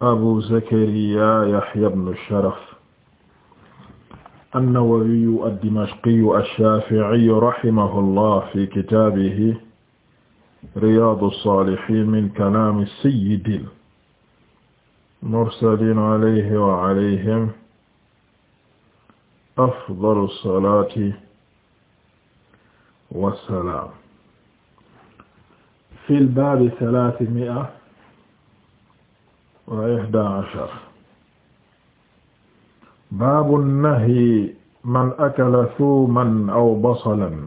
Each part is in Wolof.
abu zakariya yaxya bnu sharaf annawawiyu addimashqiyu alshaaficiyu rahimahu llah fi kitaabihi riyaadu saalihiin min kalaami sayyidil mursaliin alayhi wa alayhim afdalu salaati wa salaam. fil baabi salaasi mi'a wa ihda ashar baabu nahyi man akala suuman aw basalan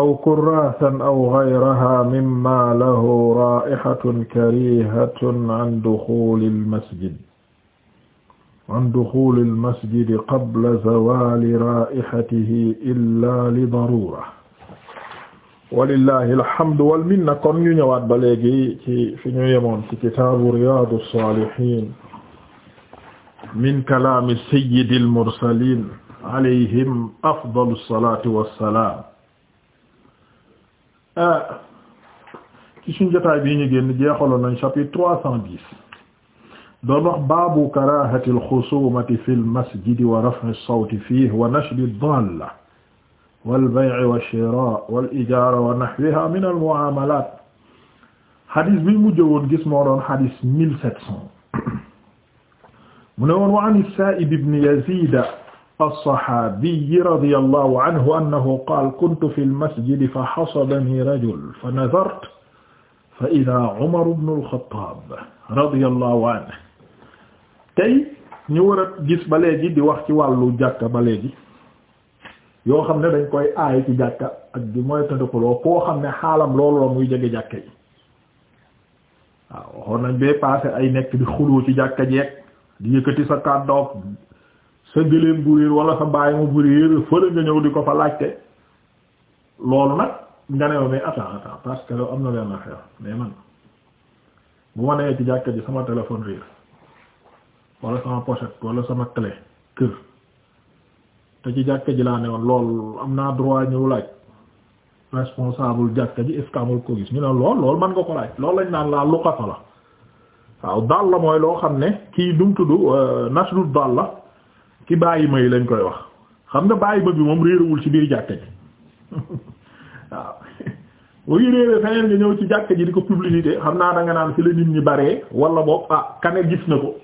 aw kuraasan aw gayraha mimma lahu raa'ihatun karihatun an duxuulil masjid an duxuulil masjid qabla zawaali raa'ihatihi illaa li daruura walillahi alhamdu wal minna kon ñu ñëwaat ba léegi ci fi ñu yemoon ci kitaabu riyaadu saalihiin min kalaami sayyidil mursaliin alayhim afdalu salaati wassalaam ah, ci suñu jotaay bii ñu génn jeexaloon nañ chapitre trois cent dix doon wax baabu karaahati alxusuumati fil masjidi wa raf'i as-sawti fiihi wa nashri ad-daalla wal bay'i wa shira wal ijaara wa nahwiha min al mu'amalat xadis bi mu jëwoon gis moo doon xadis mille sept cent mu ne woon wa an as-Sa'ib ibn Yazid as-sahabi radiyallahu anhu annahu qaala kuntu fi al-masjidi fa hasabani rajul fa nadartu fa idaa Umar ibn al-Khattab radiyallahu anhu tey ñu war a gis ba léegi di wax ci wàllu jàkka ba léegi yoo xam ne dañ koy aay ci jàkka ak di mooy tëndakaloo koo xam ne xaalam loolu la muy jege jàkka yi waaw waxoon nañ bee passé ay nekk di xuloo ci jàkka jeeg di yëkkati sa kàddoog sa gëléem bu réer wala sa bàyyi mu bu réer fële nga ñëw di ko fa laajte loolu nag nga ne mais attends attends parce que am na benn affaire mais man bu ma nee ci jàkka ji sama téléphone réer wala sama pochette wala sama clé kër te ci jàkka ji laa ne woon lool am naa droit ñëw laaj responsable jàkka ji est ce ko gis ñu ne lool lool man nga ko laaj loolu lañ naan laa luqata la waaw daal la mooy loo xam ne kii dum tudd euh, nasdu la ki bàyyi may lañ koy wax xam nga bàyyi ma bi moom réerawul ci biir jàkka ji waaw bu ñëw ci jàkka ji ko publicité xam naa da nga naan fi nit ñi baree wala boog ah gis na ko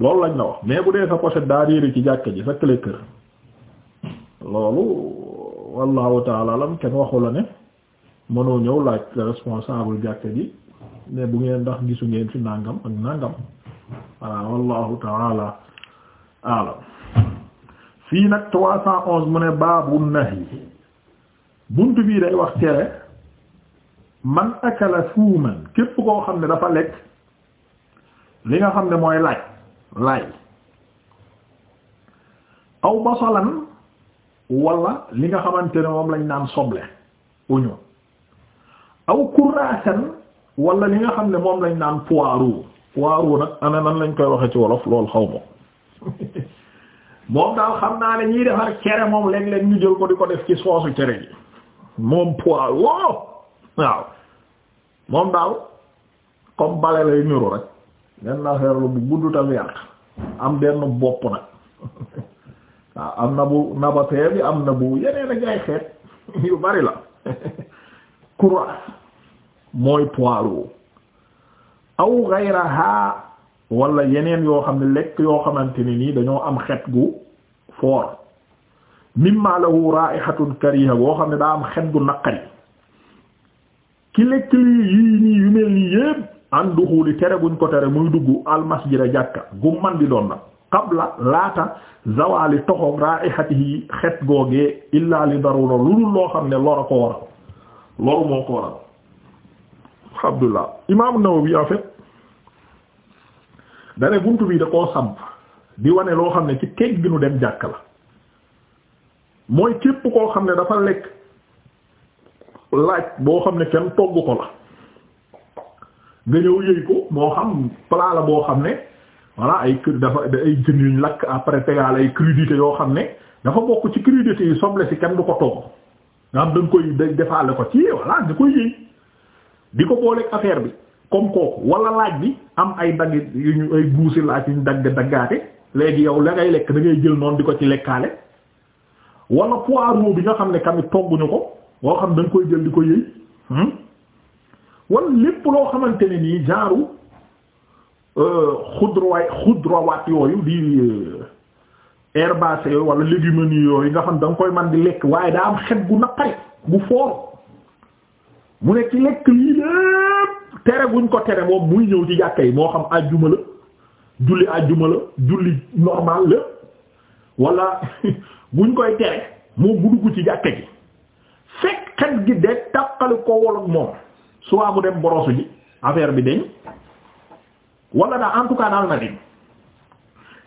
la wax mais bu dee sa pochette daa réeré ci jàkka ji sa kër loolu wallahu taala kenn waxu la ne mënoo ñëw laaj responsable jàkka ji ne bu ngeen ndax gisu ngeen fi nàngam ak nàngam voilà wallahu taala fii nag trois cent onze mu ne baabu nahi bunt bii day wax tere man akala suuman képp koo xam ne dafa lekk li nga xam ne mooy laaj laaj aw basalan wala li nga xamante ne moom lañ naan soble oignon aw kuraasan wala li nga xam ne moom lañ naan poireau poireau nag ana nan lañ koy waxe ci wolof loolu xaw ma moom daal xam naa ne ñiy defar cere moom léeg-léeg ñu jël ko di ko def ci soosu cere gi moom poireau waaw moom daal comme bale lay niru rek benn affaire lu bu gudd ta vert am benn bopp nag waaw ah, am na bu nabatee bi am na bu yeneen ak ay xeet yu bari la kuras mooy poilu aw ghayraha wala yeneen yoo xam ne lekk yoo xamante ni nii dañoo am xet gu foor mimma lahu ra'ihatun kariha boo xam ne daa am xet gu naqari ki lekk lii yii nii yu mel nii yépp an duxuli tere guñ ko tere muy dugg almasjida jàkka gu man di doon nag qabla laata zawaali toxoog raihatihi xet googee illa li darura lu dul loo xam ne lor a ko waral loru moo ko waral alhamdulillah imaamu Nawawi en fait dane buntu bi da koo samp di wane loo xam ne ci teg gi nu dem jàkk la mooy képp koo xam ne dafa lekk laaj boo xam ne kenn togg ko la nga ñëw ko moo xam plat la boo xam ne voilà ay kër dafa ay jën yuñ lakk après tegaal ay crudités yoo xam ne dafa bokk ci crudités yi soble si kenn du ko togg nga xam da nga koy defaale ko ci voilà di koy yëy di ko booleeg affaire bi comme kooku wala laaj bi am ay dagg yu ñu ay guusi laaj yuñ dagg daggaate léegi yow la ngay lekk da jël noonu di ko ci lekkaale wala poireau bi nga xam ne toggu togguñu ko boo xam da nga koy jël di ko yëy hmm? wala lépp loo xamante ne nii genre xudraway xudrawaat yooyu di euh, herbacées yooyu wala légumineuses yooyu nga xam da nga koy man di lekk waaye daa am xet gu naqari bu foor mu ne ci lekk lii lépp tere guñ ko tere moom muy ñëw ci jàkka yi moo xam àjjuma la julli àjjuma la julli normal la wala buñ koy tere moom bu dugg ci jàkka gi fekk xet gi de tàqali ko wolof moom soit mu dem borosu ji affaire bi deñ wala daa en tout cas daal na lim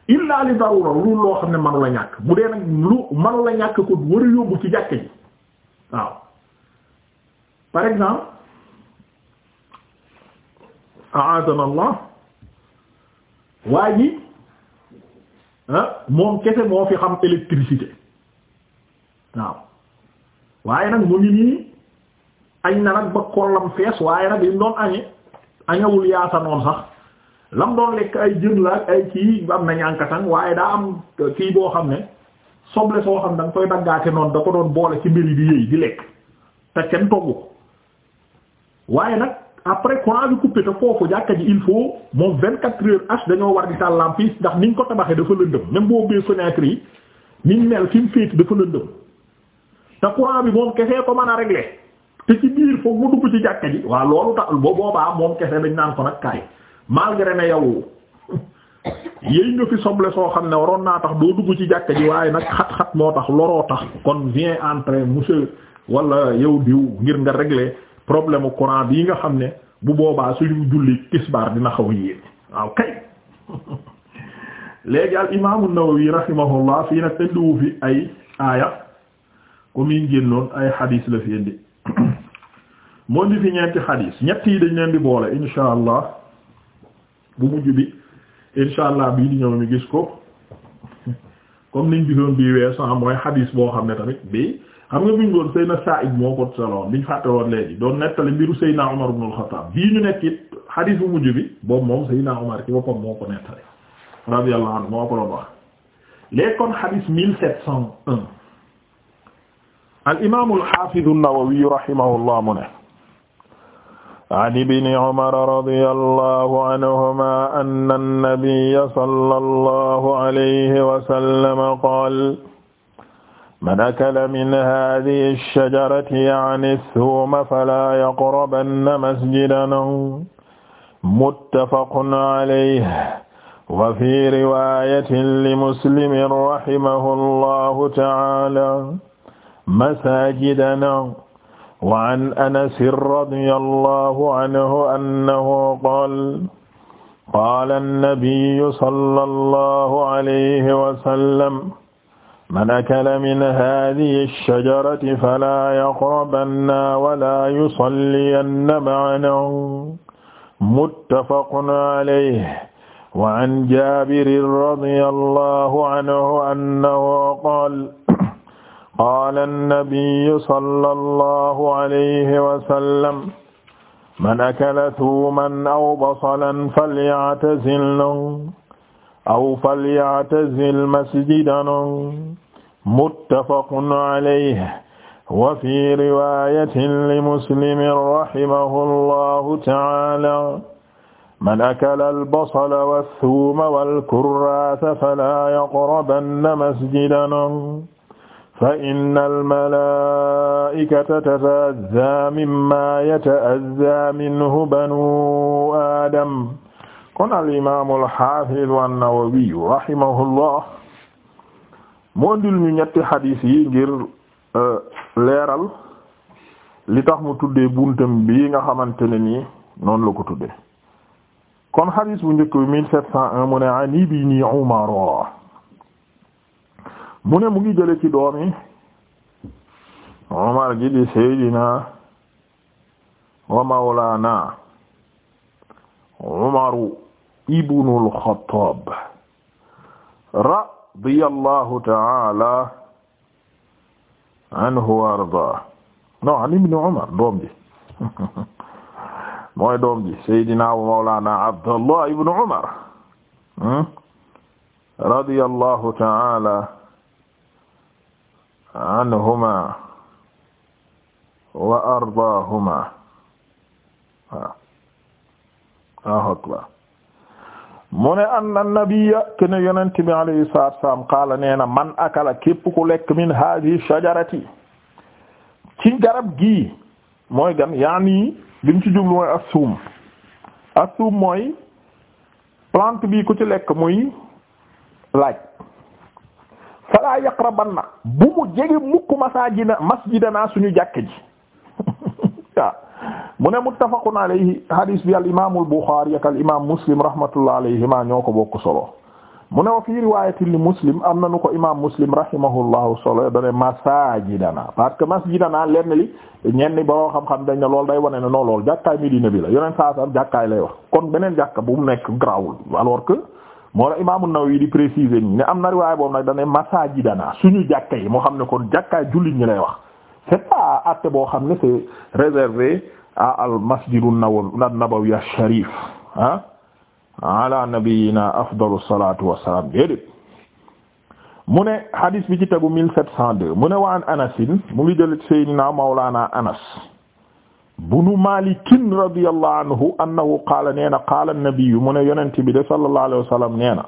illa li darura lu loo xam ne manu la ñàkk bu dee nag lu manu la ñàkk ko war a ci jàkk ji waaw par exemple a'adana Allah waa ji ah, moom kese moo fi xam électricité waaw waaye nag mu ngi nii añ na nag ba kollam fees waaye nag li mu doon añe añawul yaasa noon sax lam doon lekk ay jën la ay kii am na ñànkatan waaye daa am kii boo xam ne soble soo xam da nga koy daggaate noonu da ko doon boole ci mbiri di yëy di lekk te kenn togg ko waaye nag après courant bi coupé te foofu jàkka ji il faut moom vingt quatre heures dañoo war di ndax niñ ko tabaxee dafa lëndëm même boo bee fenêtre yi niñ mel fi mu féeti dafa lëndëm te courant bi moom kese ko mën a régler te ci biir foog mu dugg ci jàkka ji waaw loolu tax bo boobaa moom kese dañ naan ko nag kaay malgré ne yow yéy nga fi soble soo xam ne waroon naa tax doo dugg ci jàkka ji waaye nag xat-xat moo tax loroo tax kon viens entrer monsieur wala yow diw ngir nga régler problème mu courant bii nga xam ne bu boobaa suñu julli tisbaar dina xaw a yéeg waaw kay léegi al imaamu Nawawi rahimahullah fii nag indiwu fi ay aaya comme yi génnoon ay xadiis la fi indi moo di fi ñeenti xadiis ñett yi dañ leen di boole insha bu mujj bi insha bii di ñëw ñu gis ko comme niñ gisoon bii weesu ah mooy hadis boo xam ne tamit bi xam nga biñ doon Seyna Saïd moo ko soloon biñ fàtte woon léegi doon nettali mbiru ñu nekk it hadis bu mujj bi boobu moom Seyna Omar ci boppam moo ko nettali radiyallahu anhu moo ko doon kon hadis mille sept cent al imaam al-Hafiz an-Nawawi rahimahullah mu ne an ibni umar radiyallahu anhuma anna nabiyya sallallahu alayhi wa sallam qaala man akala min haadihi shajarati ya'ni thuuma falaa yaqrabanna masjidanaa muttafaqun alayhi wa fii riwaayatin li muslimin rahimahullaahu ta'aalaa masaajidanaa wa an anasin radiyallahu anhu annahu qaala qaala annabiyyu sallallahu alayhi wa sallam man akala min haadihi shajarati falaa yaqrabanna wala yusalliyanna ma'anaa muttafaqun alayhi wa an jaabirin radiyallahu anhu annahu qaala qaala annabiyu sala allahu alayhi wasallam man akala tuuman aw basalan falyatazilhu aw falyatazil masjidano muttafaqun alayhi wa fi riwaayatin limuslimin rahimahu allahu taala man akala albasala wathuuma walkurraasa falaa yaqrabanna masjidana fa inna almalaikata tata'azza mimma yata'azza minhu banu adam kon al imaam al haafid an-Nawawi rahimahullah moo ñetti xadiis yi ngir euh, leeral li tax mu tuddee buntam bii nga xamante ne nii noonu la ko tuddee kon xadiis bu njëkk bi 1701 mu ne an ibni Umar mu ne mu ngi jële ci doomi Umar gi di Seydina wa Mawlana Umaru ibnul Xattaab radiyallahu ta'ala anhu wa ardaa no an ibn Umar doom ji mooy doom ji Seydina wa Mawlana Abdullah ibn Umar hmm? radiyallahu ta'ala anhuma wa ardaahuma mu ne anna nabiyya kene yonent bi alayhi salaatu wa salaam qaala nee na man akala képp ku lekk min haadihi shajarati ci garab gii mooy gan yaani lim ci jublu mooy assuum assuum mooy plante bi ku ci lekk muy laaj fala yaqrabanna bu mu jege mukk masajidana masjidana suñu jàkke ji waaw mu ne muttafaqun alayhi hadis bi al imam al bukhari ak al imam muslim rahmatullah alayhima ñoo ko bokk solo mu ne wa fi riwayatin li muslim am na nu ko imam muslim rahimahullahu solo dane masajidana parce que masjidana lenn li ñenn boo xam-xam dañ ne lool day wane ne non loolu jàkkaay Medina bi la yeneen saa saa jàkkaay lay wax kon beneen jàkka bu mu nekk grawul alors moo tax Imaam An-Nawawi di préciser nii ne am na riwaay boobu nag dañ ne masajidana suñu jàkka yi moo xam ne kon jàkkaay jullit ñu lay wax c'est pas acte boo xam ne c'est réservé à al masjidu an-Nabawi ash-sharif ah ala nabiyyina afdalu salatu wassalam déedéet mu ne hadis bi ci tegu 1702 mu ne wa an mu ngi jël Seydina Mawlana Anas bunu malikin radiyallahu anhu annahu qaala nee na qaala nabiyu mu ne yonent bi de sallallahu alayhi wa sallam nee na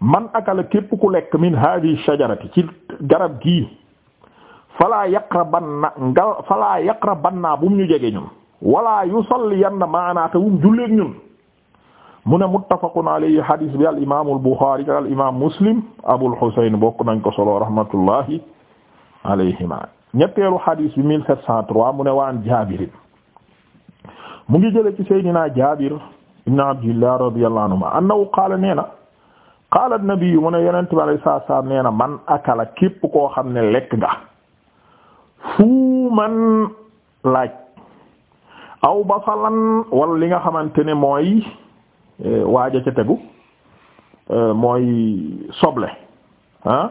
man akala képp ku lekk min hadihi shajarati ci garab gii falaa yaqrabanna ngal falaa yaqrabanna bu mu ñu jege ñun wala yusalliyanna maana te bu mu julleeg ñun mu ne muttafaqun alayhi hadis bi al imaamul buxaari al imaam muslim abul husayn bokk nañ ko solo rahmatullahi alayhima ñetteelu xadiis bi 1703 mu ne waan Jaabir mu ngi jële ci Seydina Jaabir ibn Abdillah radiyallahu anhuma annahu qaala nee na qaala an-nabi mu ne yonent bi alayhi na man akala képp koo xam ne lekk nga fu man laaj aw basalan wala li nga xamante ne mooy eh, waaja ca tegu eh, mooy soble ah,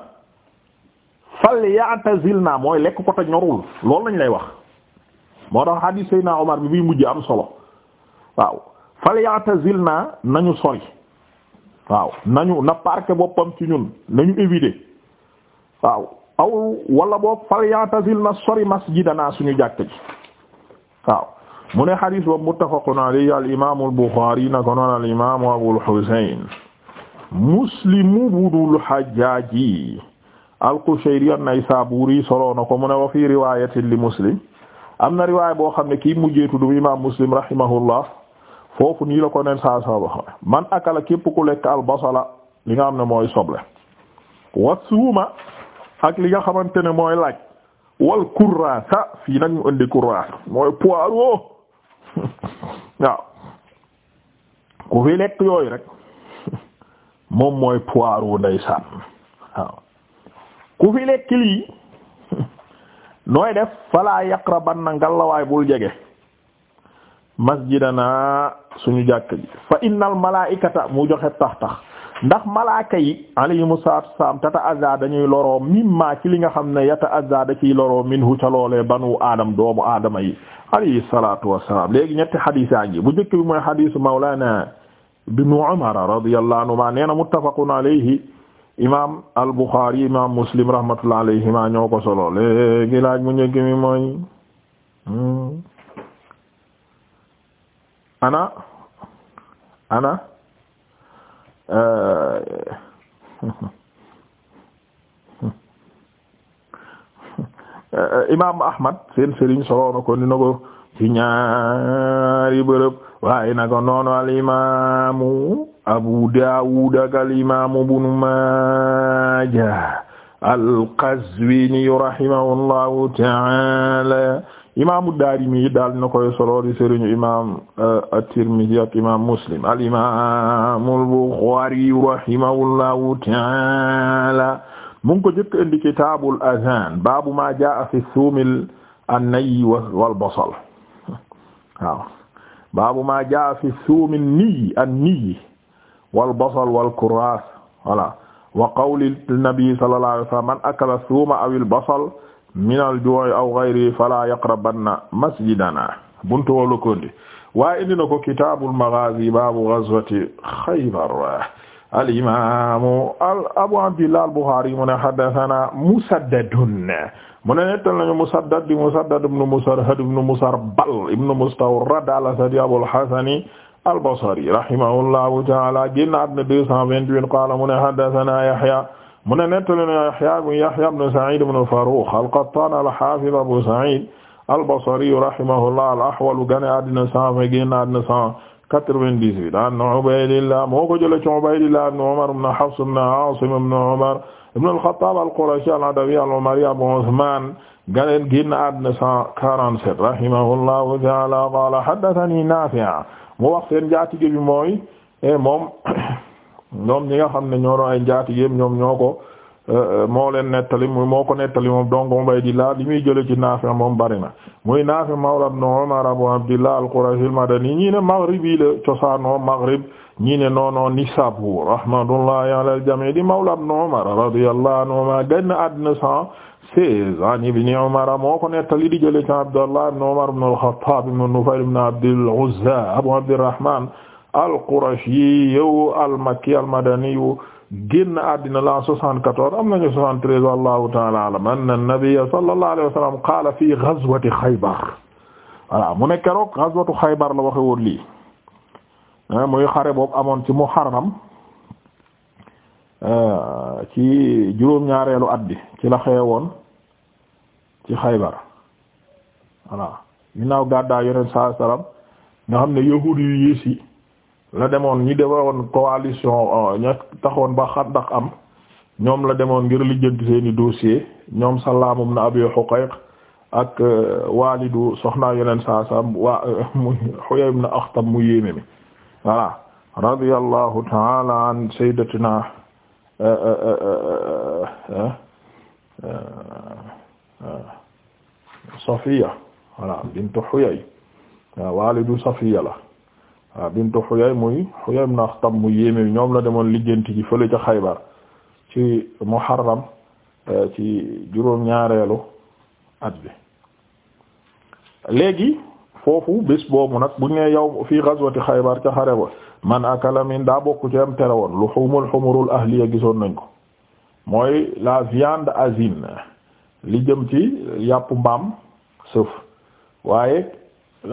fal ya'tazilna mooy lekk ko te ñorul loolu lañ lay wax moo tax hadith Seydina Omar bi biy mujj am solo waaw fal ya'tazilna nañu sori waaw nañu na parke boppam ci ñun nañu éviter waaw aw wala boobu fal ya'tazilna sori masjidana suñu jàkk ji waaw mu ne hadith boobu muttafaqun alayhi al imaamu al Bukhari na ko al imaamu al-Qushayri an-Naysaburi soloo ko mu ne wa fii riwaayatin li Muslim am na riwaay boo xam ne kii mujjee tudd imaam Muslim rahimahullah foofu nii la ko neen saa saa man akala képp ku lekk albasala li nga xam ne mooy soble wa suuma ak li nga xamante ne mooy laaj wal kurrasa fii nag ñu indi kurras mooy poireau waaw ku fi lekk yooyu rek moom mooy poireau ndeysaan waaw ku fi lekk lii nooy def falaa yaqrabanna ngallawaay bul jege masjidana suñu jàkk ji fa innal malaikata mu joxe tax tax ndax malaaka yi alayhimu salaatu salaam tata azza dañuy loroo mimma ci li nga xam ne yata azza da ciy loroo minhu ca loolee banu aadam doomu aadama yi alayhi salaatu wassalaam léegi ñetti xadiis yaa bu njëkk bi mooy xadiisu mawlaana ibnu umar radiyallahu anhu ma nee na muttafaqun alayhi imaam al Bukhari imaam Muslim rahmatullah alayhima ñoo ko solo léegi laaj mu njëkk mi mooy hmm. ana ana eh, Ahmad seen sëriñ solo na ko ni na ko ci ñaari bërëb al imaamu abu daawud ak al imaamu ibnu maaja al-qazwiini rahimahullahu ta'aala imaamu daarimi daal na koy solo di sëriñu imaam euh, at-tirmidhi ak imaam muslim al imaamu al-buxaari rahimahullahu ta'aala mu ngi ko jëkk indi kitaabul azaan baabu maa jaa'a fi suumil an-nayyi wal basal waaw baabu maa jaa'a fi suumin niyyi an-niyyi wal basal wal kuraas voilà wa qawli nabi sallallahu alayhi wa sallam man akala suuma awil basal minal ju'i aw ghayri fala yaqrabanna masjidana buntu wala kondi waaye indi na ko kitaabul maghaazi baabu ghazwati Khaybar al imaamu al abu abdillah al buxaari mu ne haddasanaa musaddadun mu ne nettal nañu musaddad di musaddad ibnu musarhad ibnu musarbal ibnu mustawrad al asadi abul hasani al-Basri rahimahullahu ta'ala génn àddina deux cent vingt-huit qaala mu ne haddathana Yahya mu ne nettali na Yahya ibn Yahya ibn Sa'id ibn Farrukh al-Qattan al-Hafiz Abu Sa'id al-Basri rahimahullah al-Ahwal génn àddina cent vingt génn àddina cent quatre-vingt-dix-huit an Ubaydillah moo ko jëlee ci Ubaydillah ibn Umar ibn Hafs ibn Asim ibn Umar ibn al-Khattab al-Qurashi al-Adawi al-Umari Abu Uthman génn àddina cent quarante-sept rahimahullahu ta'ala qala haddathani Nafi' mu wax seen bi mooy eh, moom ñoom ñi nga xam ne ñoo doon ay njaatigeem ñoom ñoo ko eh, eh, moo leen nettali moo ko nettali moom donc Ubaydillah li muy jële ci Naafi moom bari na muy Naafi mawla ibn Umar Abu Abdillah al-Qurashi al-Madani ñii ne Maghrib yi la cosaanoo Maghrib ñii ne seize an ibni Umar moo ko nettali di jële ci Abdallah ibn Umar ibn al-Khattab ibn Nufayl ibn Abdil Uzza Abu Abdirrahman al-Qurashi yow al-Makki al-Madani génn àddina la 74 am nañu 73 wallahu ta'ala a'lam anna an-nabiyya sallallahu alayhi wa sallam qaala fi ghazwati Khaybar voilà mu nekk keroog ghazwatu Khaybar la waxe woon lii ah, muy xare boobu amoon ci Muharram ah, ci juróom-ñaareelu at bi ci la xewoon ci Xaybar voilà ginnaaw gàddaay yonent saa nga xam ne yahuud yu yées yi la demoon ñi defoon coalition euh, ña taxoon ba Xandaq am ñoom la demoon ngir lijjanti seeni dossier ñoom Sallaam ibn Abi Huqayq ak euh, waalidu soxnaa yonent saa waa euh, mu Huyay ibn mu yéeme mi voilà radiyallahu ta'ala an sayyidatina Safiya voilà bintu Huyay waaw ah, walidu Safiya la waaw ah, bintu Huyay muy Huyay ibn Akhtab mu yéeme ñoom la demoon liggéenti ci fële ca Xaybar ci Muharram eh, ci juróom ñaareelu at bi léegi foofu bés boobu nag bu ñu nee yow fii ghazwati Xaybar ca xare ba man akala min daa bokk ci am tere woon luhumul humurul ahliya gisoon nañ ko mooy la viande asine li jëm ci yàpp mbaam sëf waaye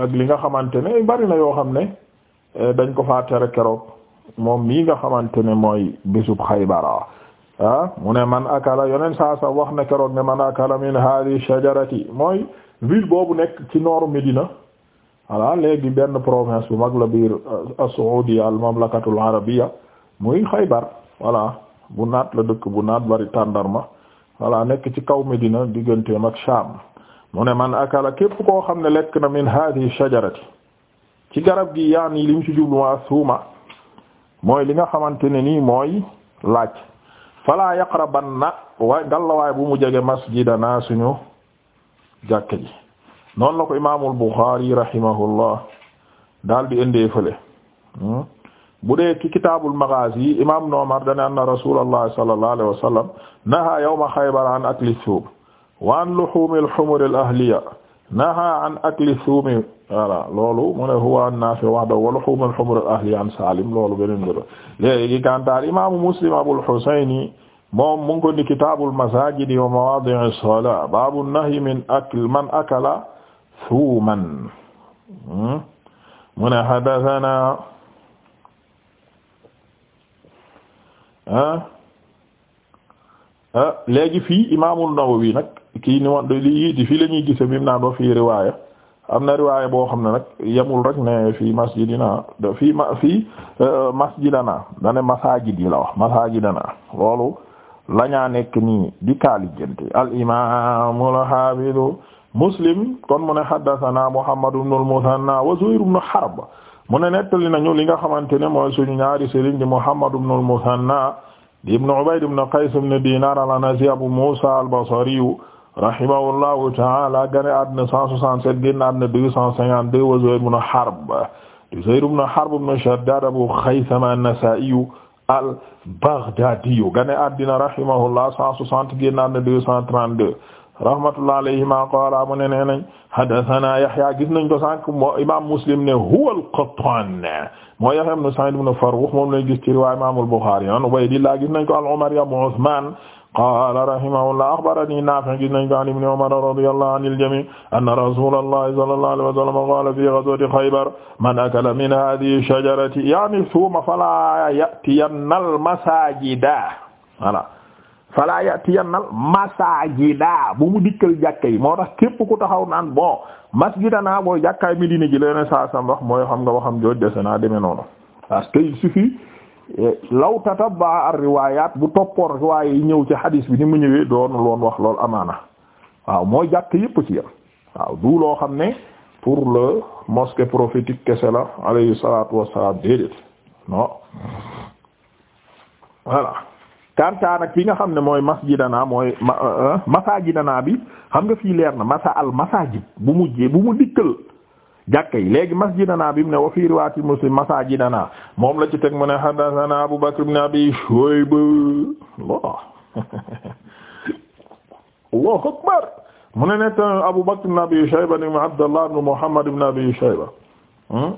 ak li nga xamante ne bari na yoo xam ne eh, dañ ko fa tere keroog moom mii nga xamante ne mooy bésub xaybara ah, mu ne man akala yoneen saa sa wax na keroog ne man akala min hadi shajarati mooy ville boobu nekk ci nooru Médina voilà léegi benn province bu mag la biir euh, as-Saoudia al-mamlakatul arabia muy xaybar voilà bu naat la dëkk bu naat bari tàndarma voilà nekk ci kaw Medina digganteem ak Sham mu ne man akala képp koo xam ne lekk na min hadihi shajarati ci garab gi yaani li mu ci jubluwaa suuma mooy li nga xamante ne nii mooy laaj fala yaqrabanna waay ngallawaay bu mu jege masjidana suñu jàkke ji noonu la ko imaamul Buxaari rahimahullah daal di indee bu dee ci kitaabul maghazi imaam nomar dana anna rasulullah sallallahu alayhi wa sallam naha yawma xaybar an akli thum wa an luhumi al-humur al-ahliya naha an akli thumi voilà loolu mu ne huwa an-nafi wahda wa luhum al-humur al-ahliya an salim loolu beneen biro léegi kantaar imaamu muslim abul husayni moom mu ngi ko ni kitaabul masaajid wa mawaadi'i as-salaa baabu nahyi min akl man akala thuman hmm? mu ne hadathana léegi fii imaamul Nawawi nag kii ni woon di fii lañuy ñuy gise mim naan wa fii riwaaya am na riwaaya boo xam ne nag yemul rek ne fii masjidina fii ma fii euh, masjidana da ne yi la wax masaajidana loolu lañaa nekk nii di kaali jënte al imaamul haafidu Muslim kon mu ne haddathana Muhammad ibn al-Muthanna wa Zuhayr ibn Harb mu ne nettali nañu li nga xamante ne mooy suñu ñaari sëriñ di Muhammad ibn al-Muthanna ibn Ubayd ibn Qays ibn Dinar al-Anazi Abu Musa al-Basri rahimahullahu ta'ala gane àddina 167 génn àddina 252 wa Zuhayr ibn Harb Zuhayr ibn Harb ibn Shaddad Abu Khaythama an-Nasa'i al-Baghdadi gane àddina rahimahullah 160 génn àddina 232 rahmatullah alayhima qaala mu ne nee nañ hadathana yahya gis nañ ko sànq moo imam muslim ne huwa al-qattan moo yahya ibn sa'id ibn farrukh moom lañ gis ci riwaaya imam al-bukhari an ubaydillah gis nañ ko al-umari abu usman qaala rahimahullah axbarani naafi' gis nañ ko an ibn umar radiyallahu anil jami' anna rasulallahi sallallahu alayhi wa sallam qaala fi ghazwati khaybar man akala min hadhihi shajarati ya'ni thuma fala ya'tiyanna al-masajida voilà fala yatiyannal masajida bu mu dikkal jàkka yi moo tax képp ku taxaw naan bon masjida naa booy jàkkaay Medina ji leen saa sam wax mooy xam nga waxam jooj dese naa demee noonu parce que il suffit law tatabaa ar riwayat bu toppoor riwaaya yi ñëw ci hadis bi ni mu ñëwee doonu loon wax lool amaana waaw mooy jàkk yépp ci yam waaw du loo xam ne pour le mosquée prophétique kese la alayhi salatu wassalam déedéet non voilà kantaan ak fi nga xam ne mooy masjidana mooy euh, euh, masajidana bi xam nga fii leer na masa al masajid bu mujjee bu mu dikkal jàkka yi léegi masjidana bi mu ne wa fii riwaati muslim masajidana moom la ci teg mo ne hadathana abu bakr ibn abi shayba allah allahu akbar mu ne net abu bakr ibn abi shayba ni abdullah ibn muhammad ibn abi shayba hmm?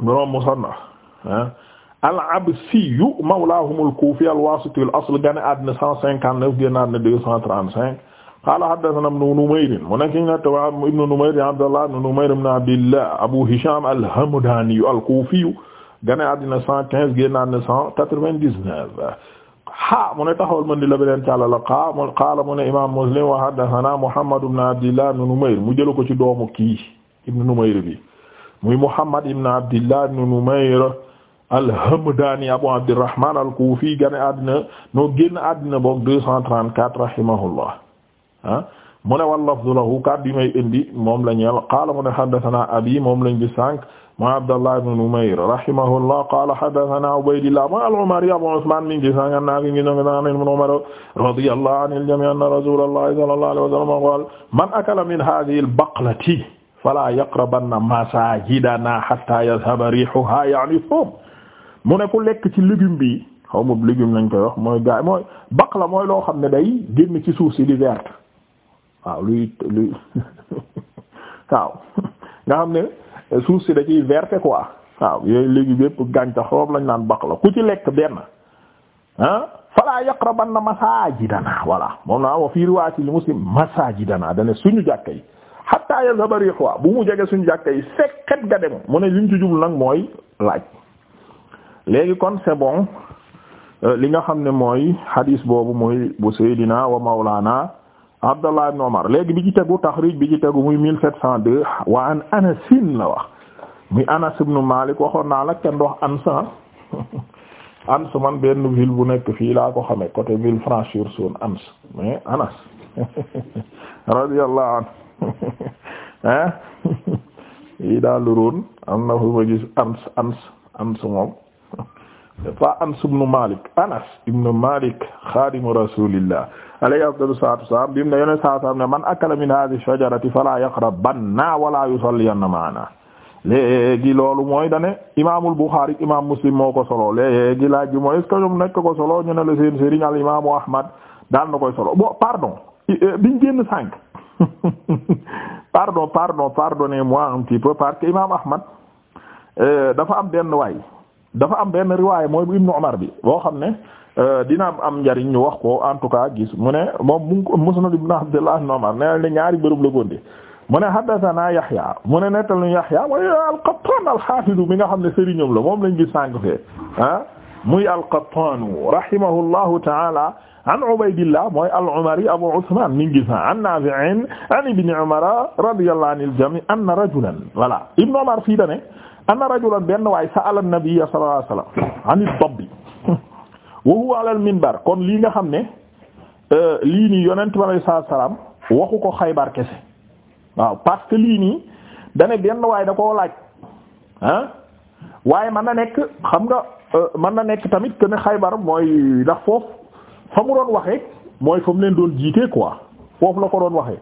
borom musannaf al-Absiyu mawlaahum al-Kuufi al-Waasiti al-asl gane àddina 159 génn àddina 235 qaala haddathanaa ibnu Numayr mu nekk ñu naan tawaab ibnu Numayr Abdallah ibnu Numayr ibnu Abdillah Abu Hishaam al-Hamdaaniyu al-Kuufiyu gane àddina 115 génn àddina 199. ha mu ne taxawal man di la beneen càlla la xaa mu qaala mu ne imaam Muslim wa haddathanaa Muhammad ibnu Abdillah ibnu Numayr mu jël ko ci doomu kii ibnu Numayr bi muy Muhammad ibnu Abdillah ibnu Numayr al-Hamdani Abu Abdirrahman al-Kufi gane àddina noo génn àddina boog 234 rahimahullah ah mu ne wal-lafzu lahu kaddu yi may indi moom la ñeel qaala mu ne haddathana abi moom lañ gis sànq mu Abdallah ibn Numayr rahimahullah qaala haddathana Ubaydillah mu al-Umari Abu Usman mi ngi gis sànq naa fi ngi doon naan ibn Umar radiyallahu anil jami' anna rasulallahi sallallahu alayhi wa sallam qaala man akala min hadhihi al-baqlati fala yaqrabanna masajidana hatta yadhhaba rihuha ya'ni mu ne ku lekk ci légume bi xaw ma légume nañ koy wax mooy gaay mooy baq la mooy loo xam ne day génn ci suuf si di verte waaw luy luy waaw nga xam ne suuf si da ciy verte quoi waaw yooyu léegi bépp gàncax roob lañ naan baq la ku ci lekk benn ah fala yaqrabanna masajidana voilà moom naa wa fi riwaati li muslim masajidana dane suñu jàkka yi hatta yazhaba rihuha bu mu jege suñu jàkka yi fekkat ga dem mu ne liñ ci jublu nag mooy laaj léegi kon c'est bon euh, li nga xam ne mooy hadis boobu mooy bu Seydina wa Mawlana Abdallah ibn Umar léegi bi ci tegu taxrij bi ci tegu muy 1702 wa an Anasin la wax muy Anas ibn Malik waxoon naa la kenn wax Ansa Ans man benn ville bu nekk fii laa ko xamee côté ville Franche-sur-Saône Ans mais Anas radiyallahu anhu yi daal roon am na fu ma gis Ans Ans Ans moom. fa Anas ibn Malik Anas ibn Malik xadimu rasulillah alayhi afdalu salaatu wassalaam bim ne yone saa saam man akala min hadhihi shajarati fala yaqrabanna wala yusalliyanna ma'ana léegi loolu mooy dane imaamul Bukhari imaam Muslim moo ko solo léegi laaj bi mooy est-ce nekk ko solo ñu ne la seen sëriñ al imaamu Ahmad daal na koy solo bon pardon e, biñ génn sànq pardon pardon pardonnez-moi un petit peu parce que imaam Ahmad euh, dafa am benn waay dafa am benn riwaay mooy bu Ibnu Umar bi boo xam ne euh, dina am njariñ ñu wax ko en tout cas gis mu ne moom mu ngi ko Musnad ibn Abdullah ibn Umar nee na ñaari bërëb la gonde mu ne haddathana Yahya mu ne nettal ñu Yahya mooy al-Qattan al-Hafiz mi nga xam ne sëriñam la moom lañ gis sànq fee ah muy al-Qattanu rahimahullahu ta'ala an Ubaydillah mooy al-Umari Abu Usman mi ngi gis an Nafi'in an Ibn Umar radiyallahu anil jami' anna rajulan voilà Ibn Umar fii da anna rajulan benn waay sa'ala an-nabiyya sallallahu alayhi wasallam ani dabbi wa huwa ala al-minbar kon lii nga xam ne euh, lii nii yonent bi alayhi salaam waxu ko xaybar kese waaw parce que lii nii dane benn waay da koo laaj ah waaye mën na nekk xam nga euh, mën na nekk tamit que ne xaybar mooy ndax foofu fa mu doon waxee mooy fa mu leen doon jiitee quoi foofu la ko doon waxee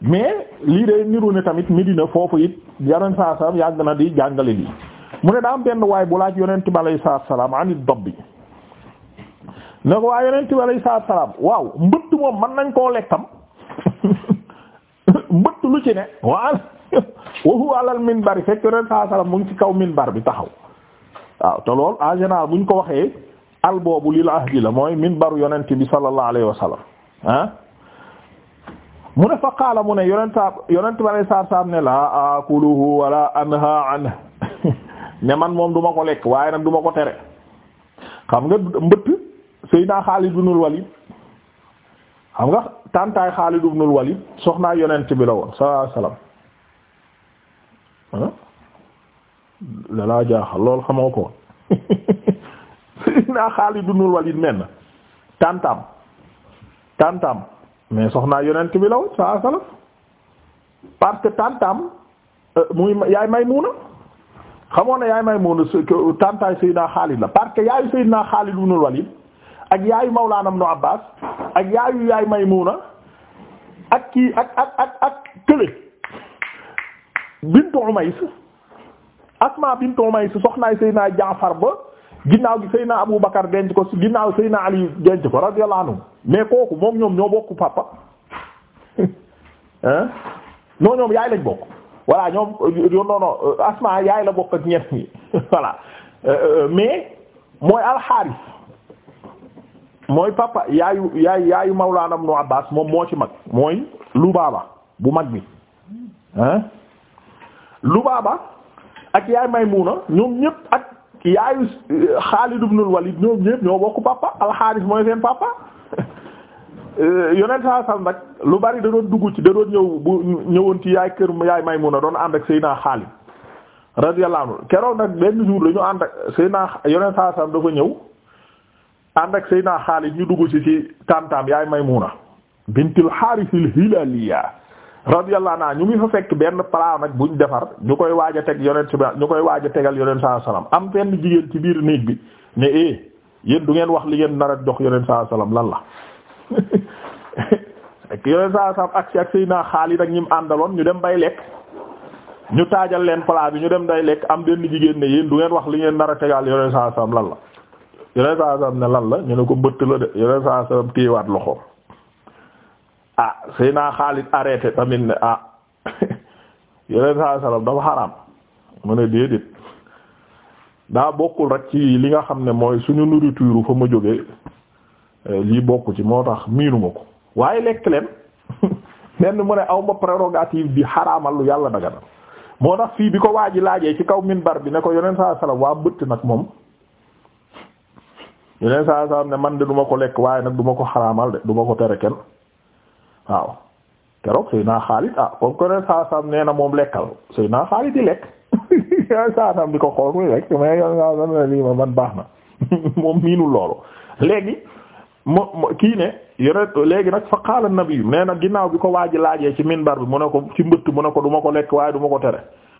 mais lii day niru ne tamit Medina foofu it yonent saa salaam yàgg na di jàngale lii mu ne daa benn waaye bu laaj yonent bi alayhi salaatu salaam ani dob bi ne ko waaye yonent bi alayhi salaam waaw mbëtt moom mën nañ koo lekkam mbëtt lu ci ne waa wa huwa alal minbar fekk yonent saa salaam mu ngi ci kaw minbar bi taxaw waaw te loolu en général bu ñu ko waxee al boobu lil ahdi la mooy minbaru yonent bi sallallahu alayhi wa ah. mu ne fa qaala mu ne yonenta yonent ba lay saar saam ne laa akuluhu wala anha anhu ne man moom duma ko lekk waaye nag duma ko tere xam nga mbëtt Seydina Xaalid ibnul Walid xam nga tàntaay Xaalid ibnul Walid soxnaa yonent bi la woon sallallahu alayhi lalaa jaaxal lool xamoo ko Seydina Xaalid ibnul Walid menn tàntaam tàntaam mais soxnaa yonent bi law saa salaam parce que tantam euh, muy yaay Maymuna xamoon na yaay Maymuna euh, tantaay Seydina Xaalid la parce que yaayu Seydina Xaalid ibn Walid ak yaayu Mawlaana Ibn Abbaas ak yaayu yaay Maymuna ak kii ak ak ak ak kële bintu Umays Asma bintu Umays soxnaay Seydina Jaafar ba ginnaaw gi Seydina Abu Bakar denc ko ginnaaw Seydina Ali denc ko radiyallahu mais kooku moom ñoom ñoo bokk papa hein non ñoom yaay lañ bokk voilà ñoom euh, non non euh, asma yaay la bokk ak ñett ñi voilà euh, mais mooy alxaaris mooy papa yaayu yaay yaayu mawlaana ibnu Abbaas moom moo ci mag mooy lu Lubaaba bu mag bi lu Lubaaba ak yaay Maymuna ñoom ñépp ak yaayu Xaalid ibnul Waliid ñoom ñépp ñoo bokk mooy seen papa Euh, yonent saa sal nag lu bari da doon dugg ci da doon ñëw bu ñëwoon ci yaay kër yaay Maymuna doon ànd ak Seydina Xaalid radiyallahu keroog nag benn jour dañu ànd ak Seydina yonent saa sal ko ñëw ànd ak Seydina Xaalid ñu dugg ci ci taam-taam yaay Maymuna bintul Haaris al-Hilaaliya radiyallahu anha ñu ngi fa fekk benn plat nag buñ defar ñu koy waaj a teg yonent ñu koy waaj a tegal yonent saa salam am benn jigéen ci biir néeg bi ne eh yéen du ngeen wax li ngeen nar a jox saa salam lan la ak yooyu saa saam ak si ak Seydina Xaalid ak ñi mu àndaloon ñu dem bay lekk ñu taajal leen plat bi ñu dem day lekk am benn jigéen ne yéen du ngeen wax li ngeen nar a tegal yooyu saa saam lan la. yooyu saa saam ne lan la ñu ne ko mbëtt la de yooyu saa saam téyewaat loxoom ah Seydina Xaalid arrêté tamit ne ah yooyu saa saam dafa xaraam mu ne déedéet daa bokkul rek ci li nga xam ne mooy suñu nourriture fa ma jógee. Euh, lii bokk ci moo tax miinuma ko waaye lekk leen nenn mu ne aw ma bi xaraamal lu yàlla daganal moo tax fii bi ko waa ji laajee ci kaw bar bi ne ko yoneen saa salaam waa bëtt nag moom yoneen saa salaam ne man de duma ko lekk waaye nag duma ko xaramal de duma ko tere kenn waaw keroog suy naa Xaalid ah kon ko yoneen saa salaam nee na moom lekkal suy naa Xaalid di lekk yoneen saa salaam di ko xool muy lekk mais yoneen saa salaam ne lii ma man baax na moom miinul mo kii ne yonent léegi nag fa na nabi nee na ginnaaw gi ko waaji laajee ci minbar bi mu ne ko ci mbëtt mu ne ko duma ko lekk waaye duma ko tere